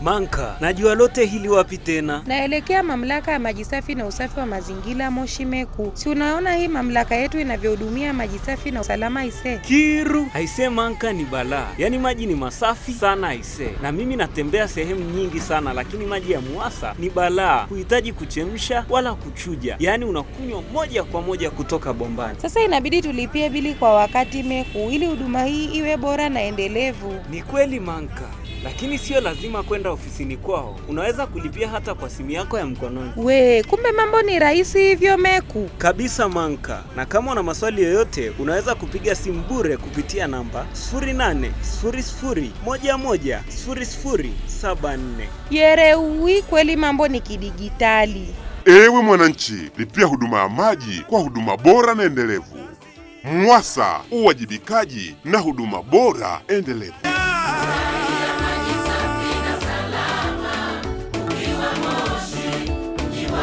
Manka, najua lote hili wapi tena? Naelekea mamlaka ya maji safi na usafi wa mazingira Moshi Meku. Si unaona hii mamlaka yetu inavyohudumia maji safi na usalama ise? Kiru aise, Manka ni balaa, yaani maji ni masafi sana aise, na mimi natembea sehemu nyingi sana, lakini maji ya Muasa ni balaa, huhitaji kuchemsha wala kuchuja, yaani unakunywa moja kwa moja kutoka bombani. Sasa inabidi tulipie bili kwa wakati Meku, ili huduma hii iwe bora na endelevu. Ni kweli Manka, lakini sio lazima kwe kwenda ofisini kwao, unaweza kulipia hata kwa simu yako ya mkononi. We, kumbe mambo ni rahisi hivyo Meku. Kabisa Manka, na kama una maswali yoyote unaweza kupiga simu bure kupitia namba 0800110074. Yereui, kweli mambo ni kidigitali. Ewe mwananchi, lipia huduma ya maji kwa huduma bora na endelevu. Mwasa, uwajibikaji na huduma bora endelevu.